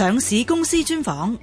上市公司專訪。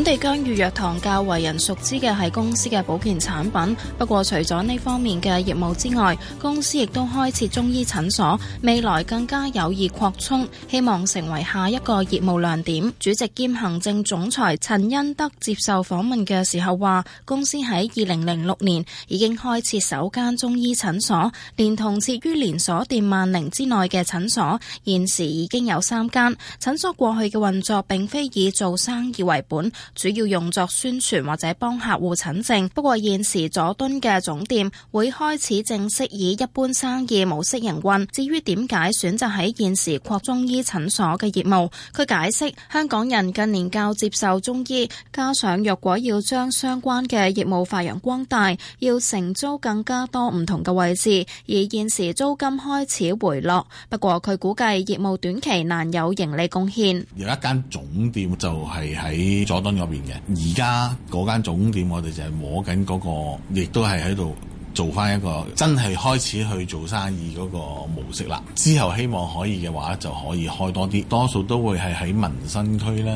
本地薑御藥堂較為人熟知嘅係公司嘅保健產品，不過除咗呢方面嘅業務之外，公司亦都開設中醫診所，未來更加有意擴充，希望成為下一個業務亮點。主席兼行政總裁陳恩德接受訪問嘅時候話，公司喺二零零六年已經開設首間中醫診所，連同設於連鎖店萬寧之內嘅診所，現時已經有三間診所。過去嘅運作並非以做生意為本。主要用作宣傳或者幫客戶診症，不過現時佐敦嘅總店會開始正式以一般生意模式營運。至於點解選擇喺現時擴中醫診所嘅業務，佢解釋，香港人近年較接受中醫，加上若果要將相關嘅業務發揚光大，要承租更加多唔同嘅位置，而現時租金開始回落。不過佢估計業務短期難有盈利貢獻。有一間總店就係喺佐敦。嗰邊嘅而家嗰間總店，我哋就係摸緊嗰個，亦都係喺度做翻一個真係開始去做生意嗰個模式啦。之後希望可以嘅話，就可以開多啲，多數都會係喺民生區啦，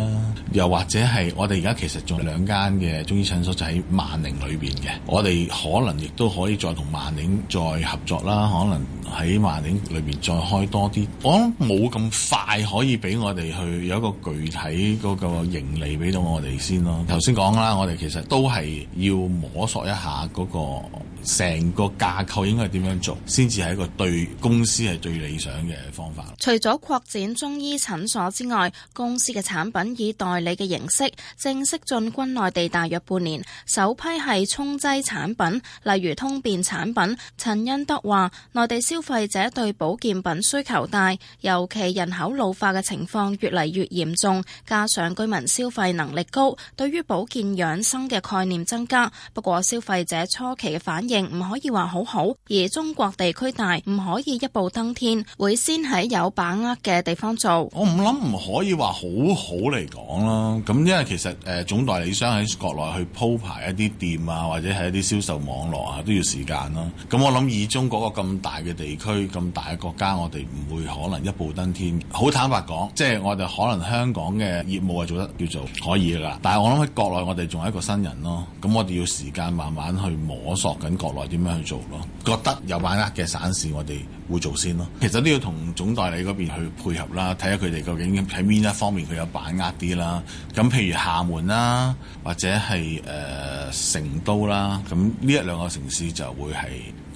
又或者係我哋而家其實仲有兩間嘅中醫診所就喺萬寧裏面嘅，我哋可能亦都可以再同萬寧再合作啦，可能。喺萬寧裏面再開多啲，我冇咁快可以俾我哋去有一個具體嗰個盈利俾到我哋先咯。頭先講啦，我哋其實都係要摸索一下嗰個成個架構應該點樣做，先至係一個對公司係最理想嘅方法。除咗擴展中醫診所之外，公司嘅產品以代理嘅形式正式進軍內地大約半年，首批係沖劑產品，例如通便產品。陳恩德話：內地。消費者對保健品需求大，尤其人口老化嘅情況越嚟越嚴重，加上居民消費能力高，對於保健養生嘅概念增加。不過消費者初期嘅反應唔可以話好好，而中國地區大，唔可以一步登天，會先喺有把握嘅地方做。我唔諗唔可以話好好嚟講啦，咁因為其實誒總代理商喺國內去鋪排一啲店啊，或者係一啲銷售網絡啊，都要時間咯，啊。咁我諗以中國個咁大嘅，地區咁大嘅國家，我哋唔會可能一步登天。好坦白講，即係我哋可能香港嘅業務係做得叫做可以噶啦。但係我諗喺國內，我哋仲係一個新人咯。咁我哋要時間慢慢去摸索緊國內點樣去做咯。覺得有把握嘅省市，我哋會先做先咯。其實都要同總代理嗰邊去配合啦，睇下佢哋究竟喺邊一方面佢有把握啲啦。咁譬如廈門啦，或者係、呃、成都啦，咁呢一兩個城市就會係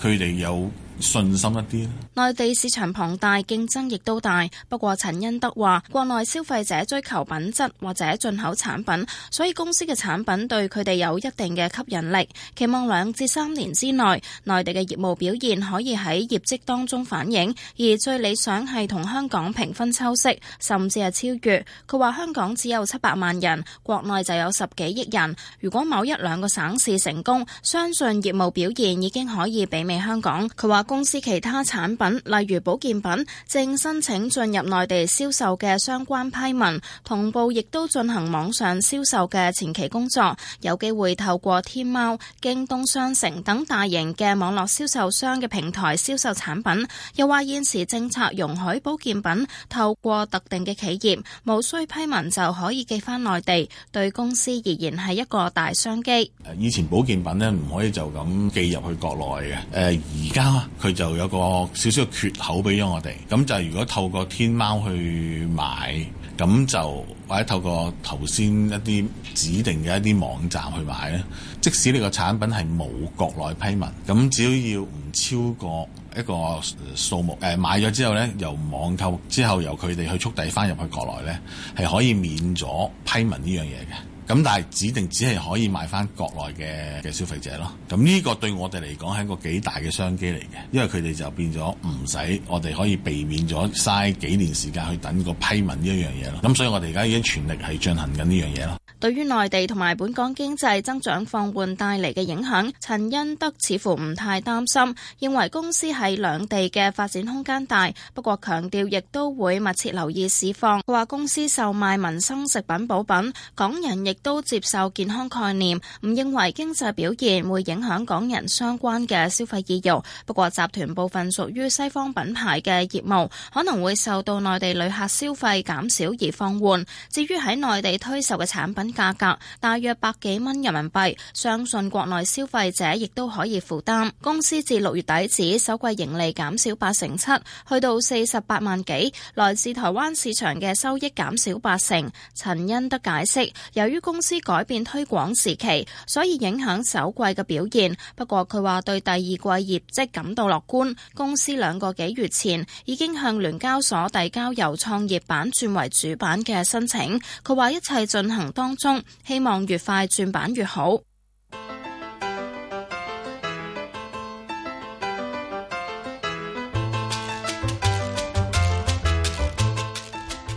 佢哋有。信心一啲咧。內地市場龐大，競爭亦都大。不過陳恩德話：國內消費者追求品質或者進口產品，所以公司嘅產品對佢哋有一定嘅吸引力。期望兩至三年之內，內地嘅業務表現可以喺業績當中反映。而最理想係同香港平分秋色，甚至係超越。佢話香港只有七百萬人，國內就有十幾億人。如果某一兩個省市成功，相信業務表現已經可以媲美香港。佢話。公司其他產品，例如保健品，正申請進入內地銷售嘅相關批文，同步亦都進行網上銷售嘅前期工作，有機會透過天貓京東商城等大型嘅網絡銷售商嘅平台銷售產品。又話現時政策容許保健品透過特定嘅企業無需批文就可以寄翻內地，對公司而言係一個大商機，誒，以前保健品咧唔可以就咁寄入去國內嘅，誒而家。佢就有個少少嘅缺口俾咗我哋，咁就如果透過天貓去買，咁就或者透過頭先一啲指定嘅一啲網站去買咧，即使你個產品係冇國內批文，咁只要唔超過一個數目，誒、呃、買咗之後呢，由網購之後由佢哋去速遞翻入去國內呢，係可以免咗批文呢樣嘢嘅。咁但係指定只係可以賣翻國內嘅嘅消費者咯，咁呢個對我哋嚟講係一個幾大嘅商機嚟嘅，因為佢哋就變咗唔使我哋可以避免咗嘥幾年時間去等個批文呢一樣嘢咯，咁所以我哋而家已經全力係進行緊呢樣嘢咯。對於內地同埋本港經濟增長放緩帶嚟嘅影響，陳恩德似乎唔太擔心，認為公司喺兩地嘅發展空間大。不過強調亦都會密切留意市況。佢話公司售賣民生食品補品，港人亦都接受健康概念，唔認為經濟表現會影響港人相關嘅消費意欲。不過集團部分屬於西方品牌嘅業務可能會受到內地旅客消費減少而放緩。至於喺內地推售嘅產品，價格大約百幾蚊人民幣，相信國內消費者亦都可以負擔。公司至六月底止首季盈利減少八成七，去到四十八萬幾，來自台灣市場嘅收益減少八成。陳恩德解釋，由於公司改變推廣時期，所以影響首季嘅表現。不過佢話對第二季業績感到樂觀。公司兩個幾月前已經向聯交所遞交由創業板轉為主板嘅申請。佢話一切進行當中。中希望越快轉板越好。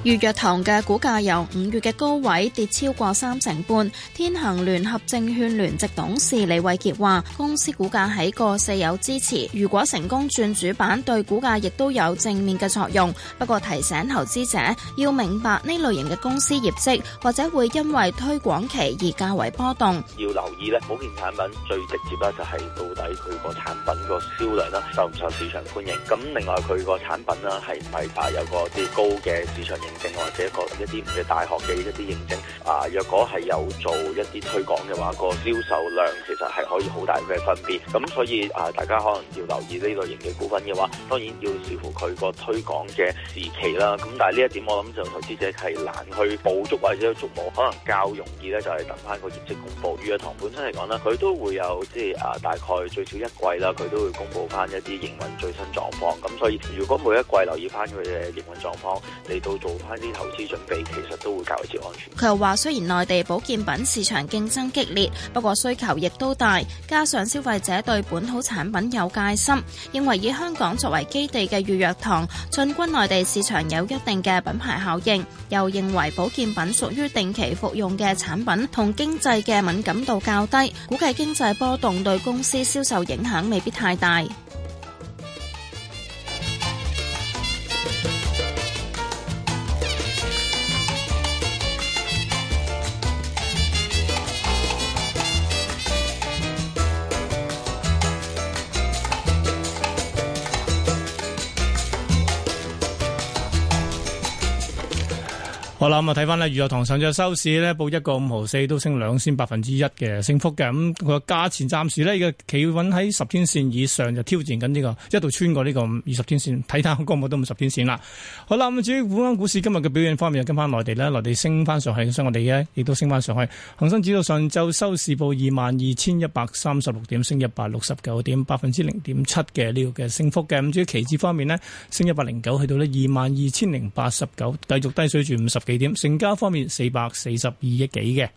御藥堂嘅股價由定或者一個一啲嘅大學嘅一啲認證，啊，若果係有做一啲推廣嘅話，個銷售量其實係可以好大嘅分別。咁所以啊，大家可能要留意呢類型嘅股份嘅話，當然要視乎佢個推廣嘅時期啦。咁但係呢一點我諗就投資者係難去捕捉或者去捉摸，可能較容易咧就係、是、等翻個業績公佈。御藥堂本身嚟講咧，佢都會有即係啊，大概最少一季啦，佢都會公佈翻一啲營運最新狀況。咁所以如果每一季留意翻佢嘅營運狀況，你都做啲投資準備其實都會較為安全。佢又話：雖然內地保健品市場競爭激烈，不過需求亦都大，加上消費者對本土產品有戒心，認為以香港作為基地嘅御藥堂進軍內地市場有一定嘅品牌效應。又認為保健品屬於定期服用嘅產品，同經濟嘅敏感度較低，估計經濟波動對公司銷售影響未必太大。好啦，咁啊睇翻咧，御藥堂上晝收市呢，報一個五毫四，都升兩仙百分之一嘅升幅嘅。咁佢嘅價錢暫時呢，嘅企穩喺十天線以上，就挑戰緊、這、呢個，一度穿過呢個二十天線，睇睇可可唔冇到五十天線啦。好啦，咁至於本港股市今日嘅表現方面，跟翻內地咧，內地升翻上去，所以我哋呢亦都升翻上去。恒生指數上晝收市報二萬二千一百三十六點，升一百六十九點，百分之零點七嘅呢個嘅升幅嘅。咁至於期指方面呢，升一百零九，去到呢二萬二千零八十九，繼續低水住五十。地點成交方面，四百四十二億幾嘅。